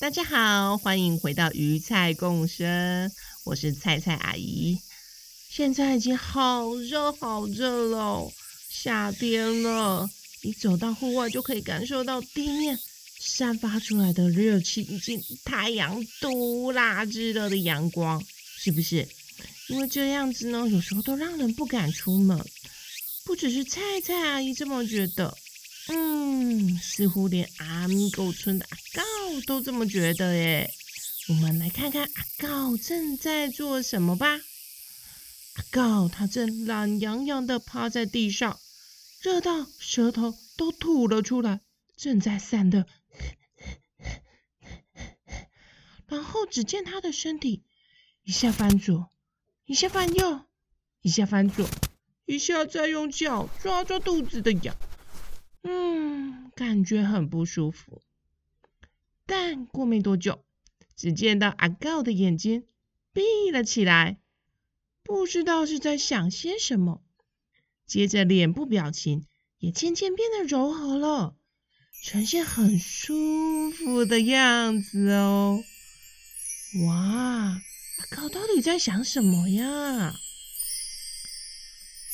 大家好，歡迎回到魚菜共生，我是菜菜阿姨。現在已經好熱好熱了，夏天了。你走到戶外就可以感受到地面散發出來的熱氣，以及太陽毒辣炙熱的陽光，是不是？因為這樣子呢，有時候都讓人不敢出門。不只是菜菜阿姨這麼覺得，嗯，似乎連阿米狗村的阿告。我都這麼覺得耶，我們來看看阿告正在做什麼吧。阿告他正懶洋洋的趴在地上，熱到舌頭都吐了出來，正在散熱。然後只見他的身體一下翻左，一下翻右，一下翻左，一下再用腳抓抓肚子的癢，嗯，感覺很不舒服。但過沒多久，只見到阿告的眼睛閉了起來，不知道是在想些什麼。接着，臉部表情也漸漸變得柔和了，呈現很舒服的樣子哦。哇，阿告到底在想什麼呀？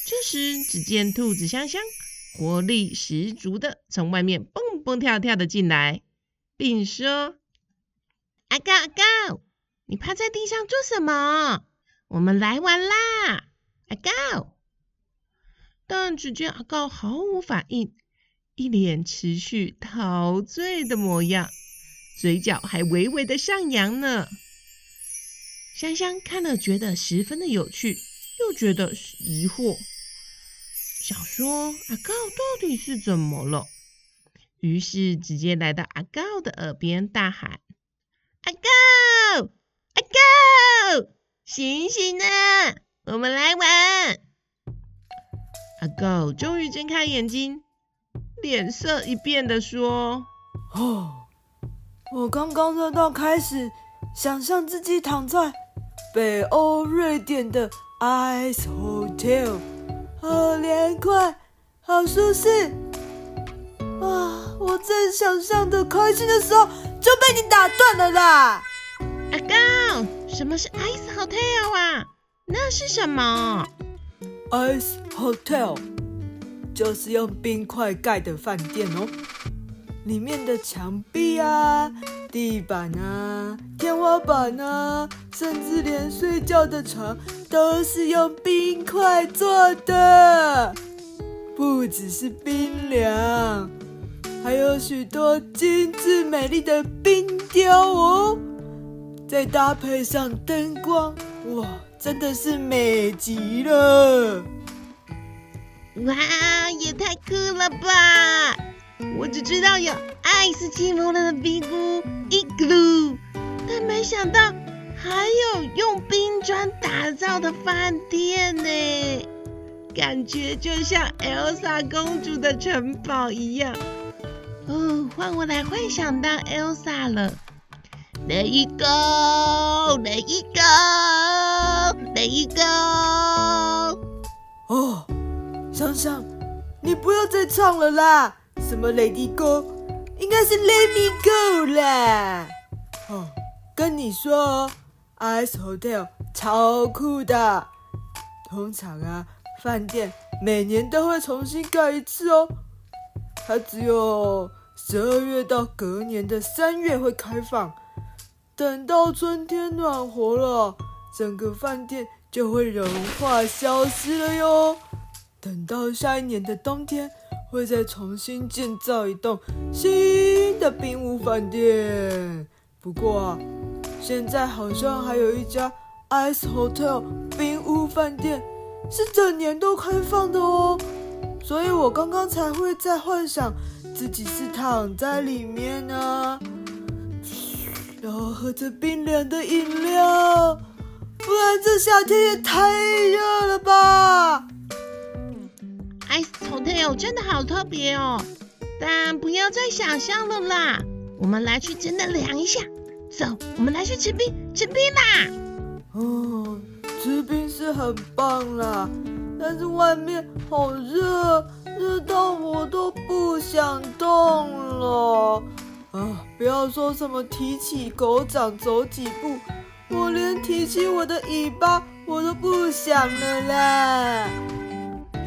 這時，只見兔子香香活力十足的從外面蹦蹦跳跳的進來。並說：“阿告，阿告，你趴在地上做什麼？我們來玩啦，阿告！”但只見阿告毫無反應，一臉持續陶醉的模樣，嘴角還微微的上揚呢。香香看了覺得十分的有趣，又覺得疑惑，想說阿告到底是怎麼了？於是直接來到阿告的耳邊大喊：“阿告，阿告，醒醒啊！我們來玩。”阿告終於睜開眼睛，臉色一變的說：“哦，我剛剛熱到，到開始想象自己躺在北歐瑞典的 Ice Hotel，好涼快，好舒適。”啊！我在想象的開心的時候就被你打斷了啦！阿告，什麼是 Ice Hotel 啊？那是什麼？Ice Hotel 就是用冰塊蓋的飯店哦。裡面的牆壁啊、地板啊、天花板啊，甚至連睡覺的床都是用冰塊做的，不只是冰涼。還有許多精致美麗的冰雕哦，再搭配上燈光，哇，真的是美極了！哇，也太酷了吧！我只知道有愛斯基摩人的冰屋，igloo，但沒想到還有用冰磚打造的飯店呢，感覺就像艾莎公主的城堡一樣。哦，換我來幻想當 Elsa 了，Let It Go，Let It Go，Let It Go。哦，香香，你不要再唱了啦。什麼 Let It Go，應該是 Let Me Go 啦。哦，跟你說哦，Ice Hotel 超酷的，通常啊，飯店每年都會重新蓋一次哦。它只有。十二月到隔年的三月會開放，等到春天暖和了，整個飯店就會融化消失了喲。等到下一年的冬天，會再重新建造一棟新的冰屋飯店。不過啊，現在好像還有一家 Ice Hotel 冰屋飯店是整年都開放的哦。所以我剛剛才會在幻想，自己是躺在裡面呢、啊，然後喝着冰涼的飲料，不然這夏天也太熱了吧！Ice Hotel，真的好特別哦，但不要再想象了啦，我們來去真的量一下，走，我們來去吃冰吃冰啦！哦、嗯，吃冰是很棒啦。但是外面好熱，熱到我都不想動了。啊，不要說什麼提起狗掌走幾步，我連提起我的尾巴我都不想了啦。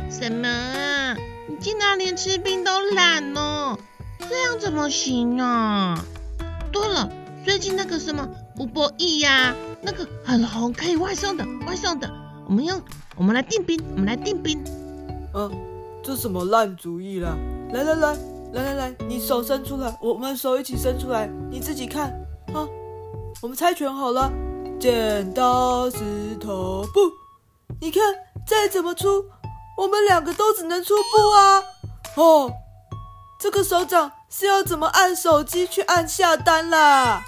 什麼啊？你竟然連吃冰都懶哦？這樣怎麼行呢、啊？對了，最近那個什麼吳博義呀，那個很紅，可以外送的，外送的，我們用。我們來訂冰，我們來訂冰。嗯、啊，這什麼爛主意啦？來來來，來來來，你手伸出來，我們手一起伸出來，你自己看啊，我們猜拳好了，剪刀石頭布。你看，再怎麼出，我們兩個都只能出布啊。哦，這個手掌是要怎麼按手機去按下單啦？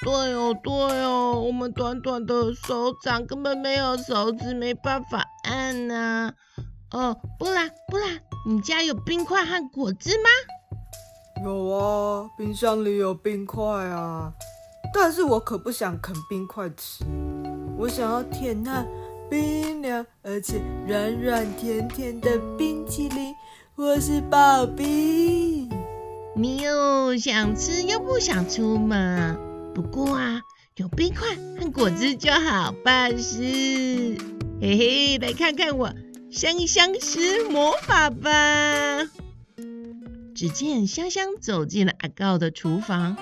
對哦，對哦，我們短短的手掌根本沒有手指，沒辦法按吶、啊。哦，不啦，不啦，你家有冰塊和果汁嗎？有啊，冰箱裡有冰塊啊。但是我可不想啃冰塊吃，我想要舔那冰涼而且軟軟甜甜的冰淇淋，或是刨冰。你又想吃又不想出門。不過啊，有冰塊和果汁就好辦事。嘿嘿，來看看我香香施魔法吧！只見香香走進了阿告的廚房，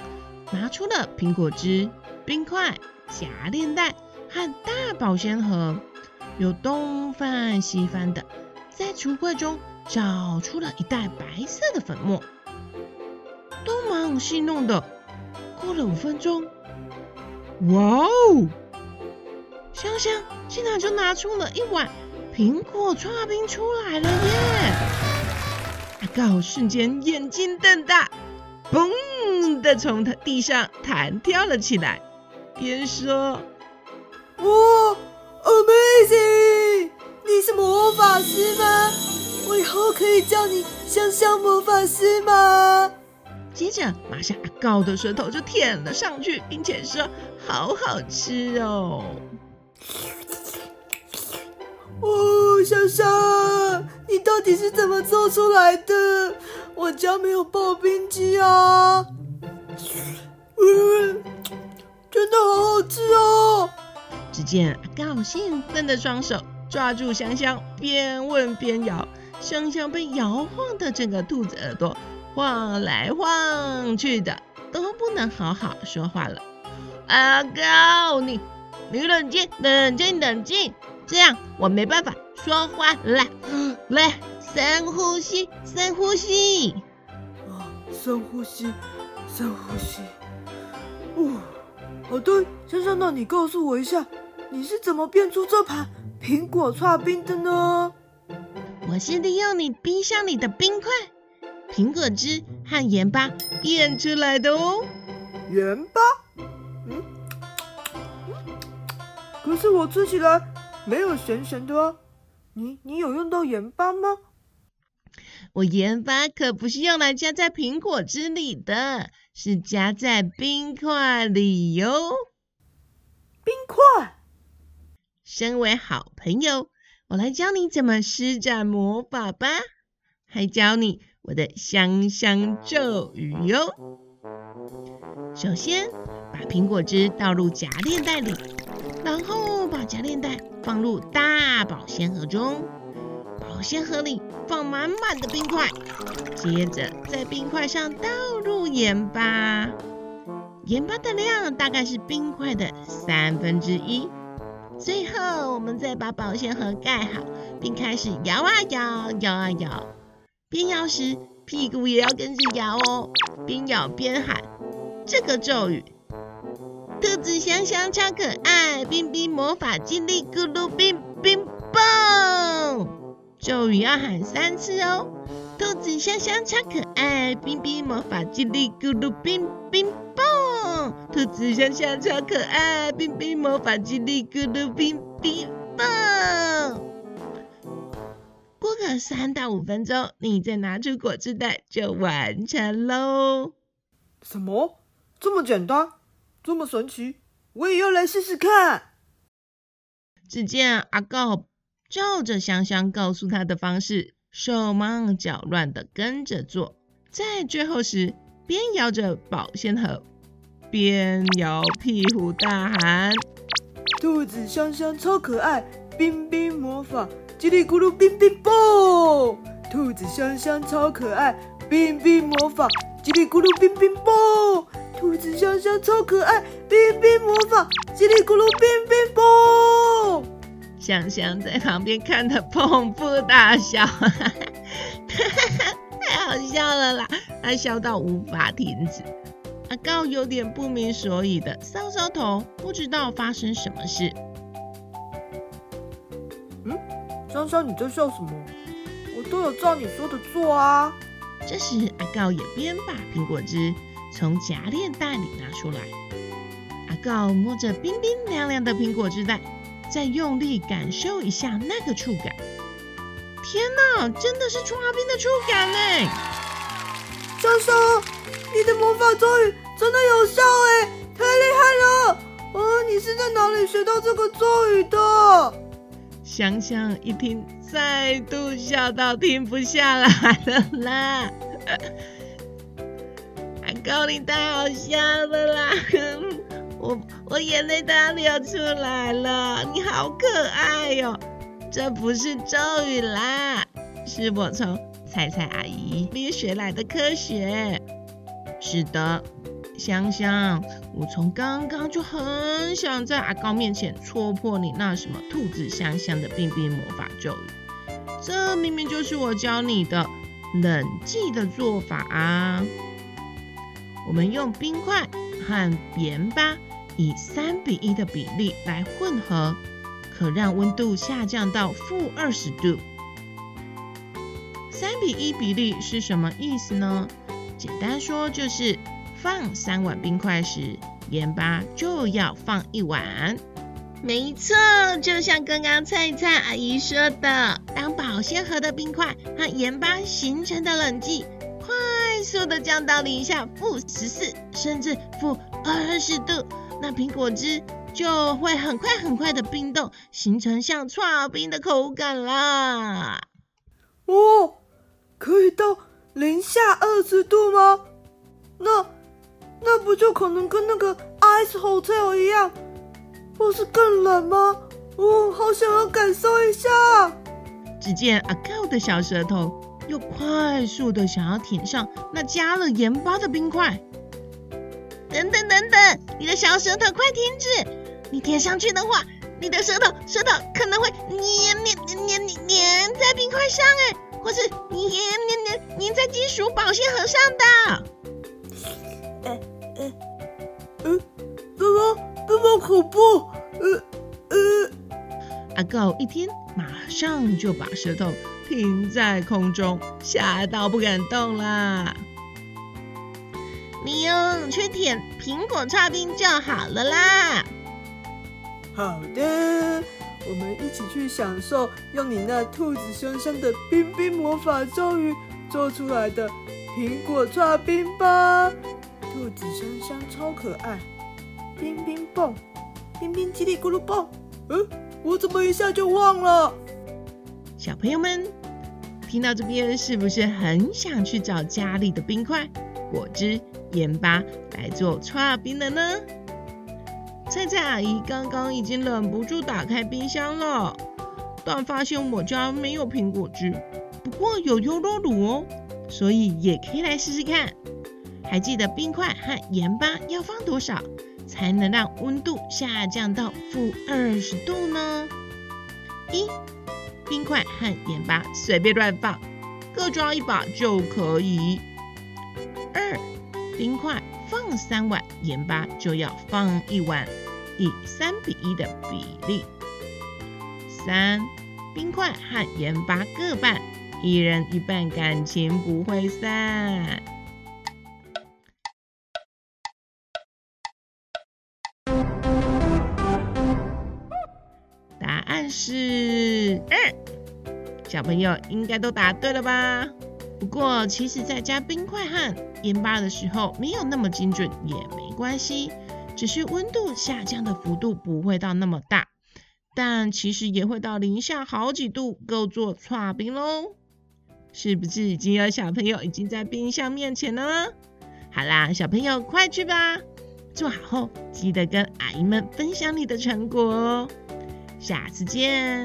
拿出了蘋果汁、冰塊、夾鏈袋和大保鮮盒，又東翻西翻的，在櫥櫃中找出了一袋白色的粉末，東忙西弄的。過了五分鐘，哇哦！香香竟然就拿出了一碗蘋果刨冰出來了耶！阿告瞬間眼睛瞪大，嘣的從地上彈跳了起來，邊說：“哇，oh, amazing！你是魔法師嗎？我以後可以叫你香香魔法師嗎？”接着，馬上阿高的舌頭就舔了上去，並且說：“好好吃哦、喔！”哦，香香，你到底是怎麼做出來的？我家沒有刨冰機啊！嗯，真的好好吃哦、喔！只見阿高興奮的雙手抓住香香，邊問邊搖，香香被搖晃的整個兔子耳朵晃來晃去的都不能好好說話了。阿告你，你冷靜冷靜冷靜，這樣我沒辦法說話了。嗯、來，深呼吸，深呼吸，啊、哦，深呼吸，深呼吸。呼哦，對，好的，香香，那你告訴我一下，你是怎麼變出這盤蘋果刨冰的呢？我是利用你冰箱裡的冰塊蘋果汁和鹽巴變出來的哦。鹽巴？嗯，可是我吃起來沒有鹹鹹的哦。你你有用到鹽巴嗎？我鹽巴可不是用來加在蘋果汁裡的，是加在冰塊裡喲。冰塊。身為好朋友，我來教你怎麼施展魔法吧，還教你。我的香香咒語喲！首先把蘋果汁倒入夾鏈袋裡，然後把夾鏈袋放入大保鮮盒中，保鮮盒裡放滿滿的冰塊，接着在冰塊上倒入鹽巴，鹽巴的量大概是冰塊的三分之一。最後我們再把保鮮盒蓋好，並開始搖啊搖，搖啊搖。邊搖時，屁股也要跟着搖哦。邊搖邊喊這個咒語：兔子香香超可愛，冰冰魔法嘰哩咕嚕冰冰棒」。咒語要喊三次哦。兔子香香超可愛，冰冰魔法嘰哩咕嚕冰冰棒」。「兔子香香超可愛，冰冰魔法嘰哩咕嚕冰冰棒」。過個三到五分鐘，你再拿出果汁袋就完成嘍。什麼？這麼簡單，這麼神奇？我也要來試試看。只見阿告照着香香告訴他的方式，手忙腳亂的跟着做，在最後時邊搖着保鮮盒，邊搖屁股大喊：“兔子香香超可愛，冰冰魔法。”嘰里咕嚕冰冰棒，兔子香香超可愛，冰冰魔法。嘰里咕嚕冰冰棒，兔子香香超可愛，冰冰魔法。嘰里咕嚕冰冰棒，香香在旁邊看得捧腹大笑呵呵，哈哈哈哈哈，太好笑了啦！他笑到無法停止。阿告有點不明所以的搔搔頭，不知道發生什麼事。香香，你在笑什麼？我都有照你說的做啊。這時，阿告也邊把蘋果汁從夾鏈袋裡拿出來。阿告摸着冰冰涼涼涼的蘋果汁袋，再用力感受一下那個觸感。天哪，真的是吹阿冰的觸感呢！香香，你的魔法咒語真的有效哎，太厲害了！哦、呃，你是在哪裡學到這個咒語的？香香一聽，再度笑到停不下來了啦！阿告，你太好笑了啦，我我眼淚都要流出來了！你好可愛喲、喔，這不是咒語啦，是我從菜菜阿姨那學來的科學。是的。香香，我從剛剛就很想在阿告面前戳破你那什麼兔子香香的冰冰魔法咒語，這明明就是我教你的冷劑的做法啊！我們用冰塊和鹽巴以三比一的比例來混合，可讓溫度下降到負二十度。三比一比例是什麼意思呢？簡單說就是。放三碗冰塊時，鹽巴就要放一碗。沒錯，就像剛剛菜菜阿姨說的，當保鮮盒的冰塊和鹽巴形成的冷劑快速的降到零下負十四甚至負二十度，那蘋果汁就會很快很快的冰凍，形成像剉冰的口感啦。哦，可以到零下二十度嗎？那。那不就可能跟那個 ice hotel 一樣，或是更冷嗎？哦，好想要感受一下，啊！只見阿 Q 的小舌頭又快速的想要舔上那加了鹽巴的冰塊。等等等等，你的小舌頭快停止！你舔上去的話，你的舌頭舌頭可能會黏黏黏黏黏在冰塊上，欸，誒或是黏黏黏黏在金屬保鮮盒上的。啊好恐怖，呃呃，阿告一聽，馬上就把舌頭停在空中，嚇到不敢動啦。你用去舔蘋果剉冰就好了啦。好的，我們一起去享受用你那兔子香香的冰冰魔法咒語做出來的蘋果剉冰吧。兔子香香超可愛，冰冰。棒冰冰嘰里咕嚕棒，嗯，我怎麼一下就忘了？小朋友們聽到這邊，是不是很想去找家裡的冰塊、果汁、鹽巴來做剉冰了呢？菜菜阿姨剛剛已經忍不住打開冰箱了，但發現我家沒有蘋果汁，不過有優酪乳哦，所以也可以來試試看。還記得冰塊和鹽巴要放多少？才能讓溫度下降到負二十度呢？一，冰塊和鹽巴隨便亂放，各抓一把就可以。二，冰塊放三碗，鹽巴就要放一碗，以三比一的比例。三，冰塊和鹽巴各半，一人一半，感情不會散。是二，嗯，小朋友應該都答對了吧？不過，其實在加冰塊和鹽巴的時候，沒有那麼精準也沒關係，只是溫度下降的幅度不會到那麼大。但其實也會到零下好幾度，夠做剉冰嘍！是不是已經有小朋友已經在冰箱面前了？好啦，小朋友快去吧！做好後記得跟阿姨們分享你的成果哦！下次見！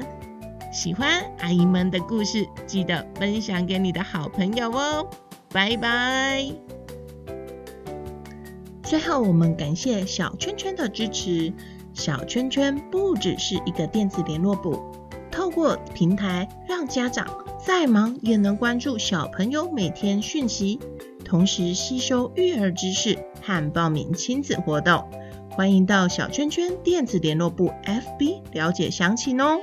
喜歡阿姨們的故事，記得分享給你的好朋友哦，拜拜！最後，我們感謝小圈圈的支持。小圈圈不只是一個電子聯絡簿，透過平台讓家長再忙也能關注小朋友每天訊息，同時吸收育兒知識和報名親子活動。歡迎到小圈圈電子聯絡簿 FB 了解詳情哦。